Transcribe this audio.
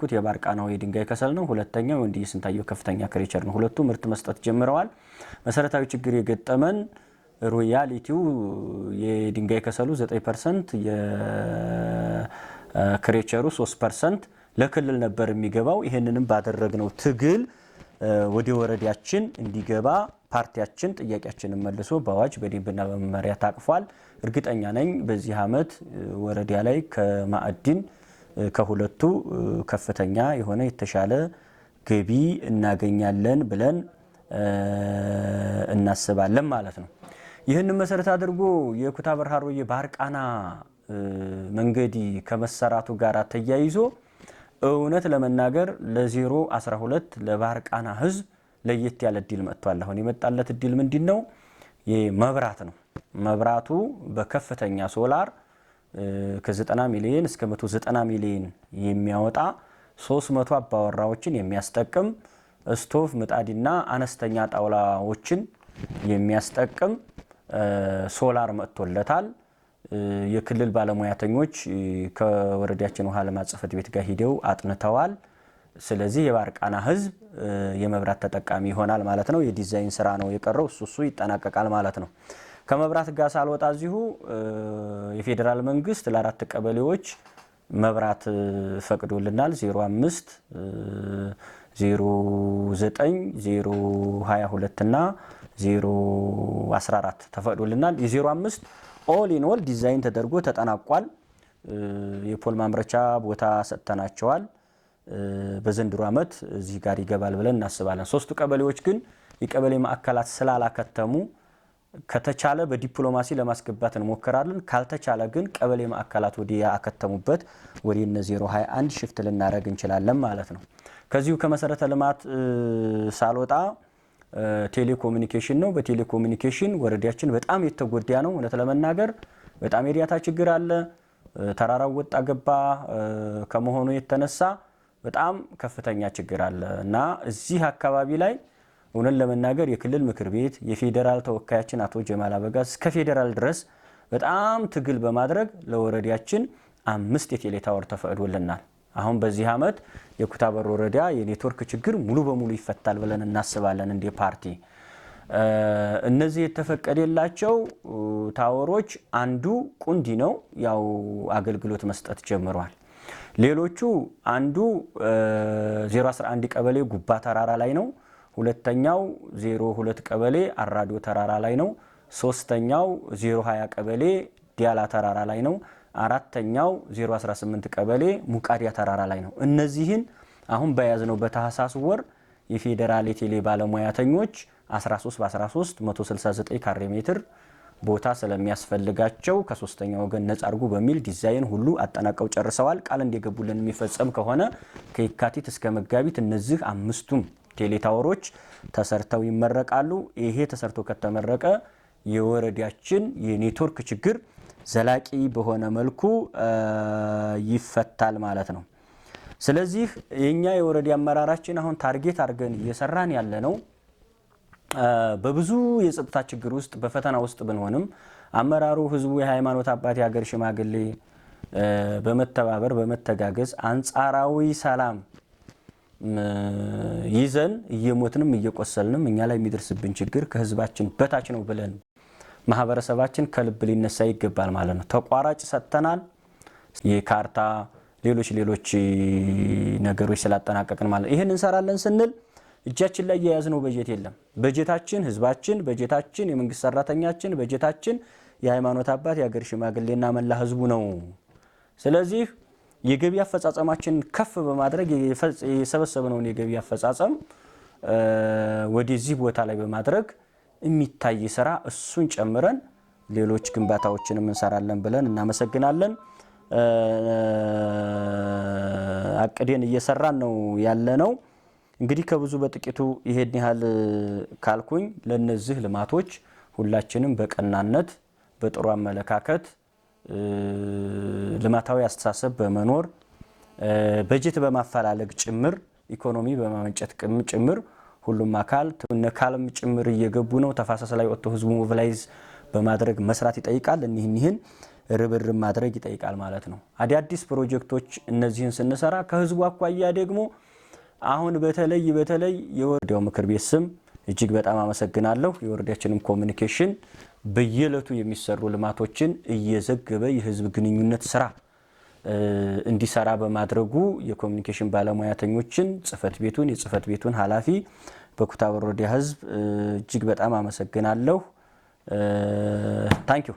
ኩት የባርቃናው የድንጋይ ከሰል ነው። ሁለተኛው እንዲ ስንታየው ከፍተኛ ክሬቸር ነው። ሁለቱ ምርት መስጠት ጀምረዋል። መሰረታዊ ችግር የገጠመን ሮያሊቲው የድንጋይ ከሰሉ 9 ፐርሰንት፣ የክሬቸሩ 3 ፐርሰንት ለክልል ነበር የሚገባው። ይህንንም ባደረግነው ትግል ወደ ወረዳችን እንዲገባ ፓርቲያችን ጥያቄያችንን መልሶ በአዋጅ በደንብና በመመሪያ ታቅፏል። እርግጠኛ ነኝ በዚህ ዓመት ወረዳ ላይ ከማዕድን ከሁለቱ ከፍተኛ የሆነ የተሻለ ገቢ እናገኛለን ብለን እናስባለን ማለት ነው። ይህንን መሰረት አድርጎ የኩታ በርሃ ሮዬ ቃና መንገድ ከመሰራቱ ጋር ተያይዞ እውነት ለመናገር ለዜ0 12 ለባህር ቃና ህዝብ ለየት ያለ እድል መጥቷል። አሁን የመጣለት እድል ምንድን ነው? መብራት ነው። መብራቱ በከፍተኛ ሶላር ከ90 ሚሊዮን እስከ 190 ሚሊዮን የሚያወጣ 300 አባወራዎችን የሚያስጠቅም ስቶቭ ምጣድና አነስተኛ ጣውላዎችን የሚያስጠቅም ሶላር መጥቶለታል። የክልል ባለሙያተኞች ከወረዳችን ውሃ ልማት ጽሕፈት ቤት ጋር ሂደው አጥንተዋል። ስለዚህ የባርቃና ህዝብ የመብራት ተጠቃሚ ይሆናል ማለት ነው። የዲዛይን ስራ ነው የቀረው፣ እሱ እሱ ይጠናቀቃል ማለት ነው። ከመብራት ጋር ሳልወጣ እዚሁ የፌዴራል መንግስት ለአራት ቀበሌዎች መብራት ፈቅዶልናል። 05 09 022 እና 014 ተፈቅዶልናል። የ05 ኦል ኢን ኦል ዲዛይን ተደርጎ ተጠናቋል። የፖል ማምረቻ ቦታ ሰጥተናቸዋል። በዘንድሮ ዓመት እዚህ ጋር ይገባል ብለን እናስባለን። ሶስቱ ቀበሌዎች ግን የቀበሌ ማዕከላት ስላላከተሙ ከተቻለ በዲፕሎማሲ ለማስገባት እንሞክራለን። ካልተቻለ ግን ቀበሌ ማዕከላት ወዲህ ያከተሙበት ወደ እነ 021 ሽፍት ልናደረግ እንችላለን ማለት ነው። ከዚሁ ከመሰረተ ልማት ሳልወጣ ቴሌኮሙኒኬሽን ነው። በቴሌኮሙኒኬሽን ወረዳችን በጣም የተጎዳ ነው። እውነት ለመናገር በጣም የዳታ ችግር አለ። ተራራው ወጣ ገባ ከመሆኑ የተነሳ በጣም ከፍተኛ ችግር አለ እና እዚህ አካባቢ ላይ እውነት ለመናገር የክልል ምክር ቤት የፌዴራል ተወካያችን አቶ ጀማል አበጋዝ እስከ ፌዴራል ድረስ በጣም ትግል በማድረግ ለወረዳችን አምስት የቴሌ ታወር ተፈቅዶልናል። አሁን በዚህ ዓመት የኩታበር ወረዳ የኔትወርክ ችግር ሙሉ በሙሉ ይፈታል ብለን እናስባለን እንደ ፓርቲ። እነዚህ የተፈቀደላቸው ታወሮች አንዱ ቁንዲ ነው፣ ያው አገልግሎት መስጠት ጀምሯል። ሌሎቹ አንዱ 011 ቀበሌ ጉባ ተራራ ላይ ነው። ሁለተኛው 02 ቀበሌ አራዶ ተራራ ላይ ነው። ሶስተኛው 020 ቀበሌ ዲያላ ተራራ ላይ ነው። አራተኛው 018 ቀበሌ ሙቃዲያ ተራራ ላይ ነው። እነዚህን አሁን በያዝነው በታህሳስ ወር የፌዴራል የቴሌ ባለሙያተኞች 13 በ13 169 ካሬ ሜትር ቦታ ስለሚያስፈልጋቸው ከሶስተኛ ወገን ነጻ አድርጉ በሚል ዲዛይን ሁሉ አጠናቀው ጨርሰዋል። ቃል እንደገቡልን የሚፈጸም ከሆነ ከየካቲት እስከ መጋቢት እነዚህ አምስቱም ቴሌታወሮች ተሰርተው ይመረቃሉ። ይሄ ተሰርቶ ከተመረቀ የወረዳችን የኔትወርክ ችግር ዘላቂ በሆነ መልኩ ይፈታል ማለት ነው። ስለዚህ የኛ የወረዳ አመራራችን አሁን ታርጌት አድርገን እየሰራን ያለ ነው። በብዙ የጸጥታ ችግር ውስጥ በፈተና ውስጥ ብንሆንም አመራሩ፣ ህዝቡ፣ የሃይማኖት አባት፣ የሀገር ሽማግሌ በመተባበር በመተጋገዝ አንጻራዊ ሰላም ይዘን እየሞትንም እየቆሰልንም እኛ ላይ የሚደርስብን ችግር ከህዝባችን በታች ነው ብለን ማህበረሰባችን ከልብ ሊነሳ ይገባል ማለት ነው። ተቋራጭ ሰጥተናል። የካርታ ሌሎች ሌሎች ነገሮች ስላጠናቀቅን ማለት ይህን እንሰራለን ስንል እጃችን ላይ የያዝነው በጀት የለም። በጀታችን ህዝባችን፣ በጀታችን የመንግስት ሰራተኛችን፣ በጀታችን የሃይማኖት አባት፣ የሀገር ሽማግሌና መላ ህዝቡ ነው። ስለዚህ የገቢ አፈጻጸማችን ከፍ በማድረግ የሰበሰብነውን የገቢ አፈጻጸም ወደዚህ ቦታ ላይ በማድረግ የሚታይ ስራ እሱን ጨምረን ሌሎች ግንባታዎችንም እንሰራለን ብለን እናመሰግናለን። አቅዴን እየሰራን ነው ያለ ነው። እንግዲህ ከብዙ በጥቂቱ ይሄን ያህል ካልኩኝ ለነዚህ ልማቶች ሁላችንም በቀናነት በጥሩ አመለካከት ልማታዊ አስተሳሰብ በመኖር በጀት በማፈላለግ ጭምር ኢኮኖሚ በማመንጨት ጭምር ሁሉም አካል ነካልም ጭምር እየገቡ ነው። ተፋሰስ ላይ ወጥቶ ህዝቡ ሞቢላይዝ በማድረግ መስራት ይጠይቃል። እኒህን ርብርብ ማድረግ ይጠይቃል ማለት ነው። አዳዲስ ፕሮጀክቶች እነዚህን ስንሰራ ከህዝቡ አኳያ ደግሞ አሁን በተለይ በተለይ የወረዳው ምክር ቤት ስም እጅግ በጣም አመሰግናለሁ። የወረዳችንም ኮሚኒኬሽን በየዕለቱ የሚሰሩ ልማቶችን እየዘገበ የህዝብ ግንኙነት ስራ እንዲሰራ በማድረጉ የኮሚኒኬሽን ባለሙያተኞችን ጽህፈት ቤቱን የጽህፈት ቤቱን ኃላፊ በኩታ ወረዳ ህዝብ እጅግ በጣም አመሰግናለሁ። ታንኪዩ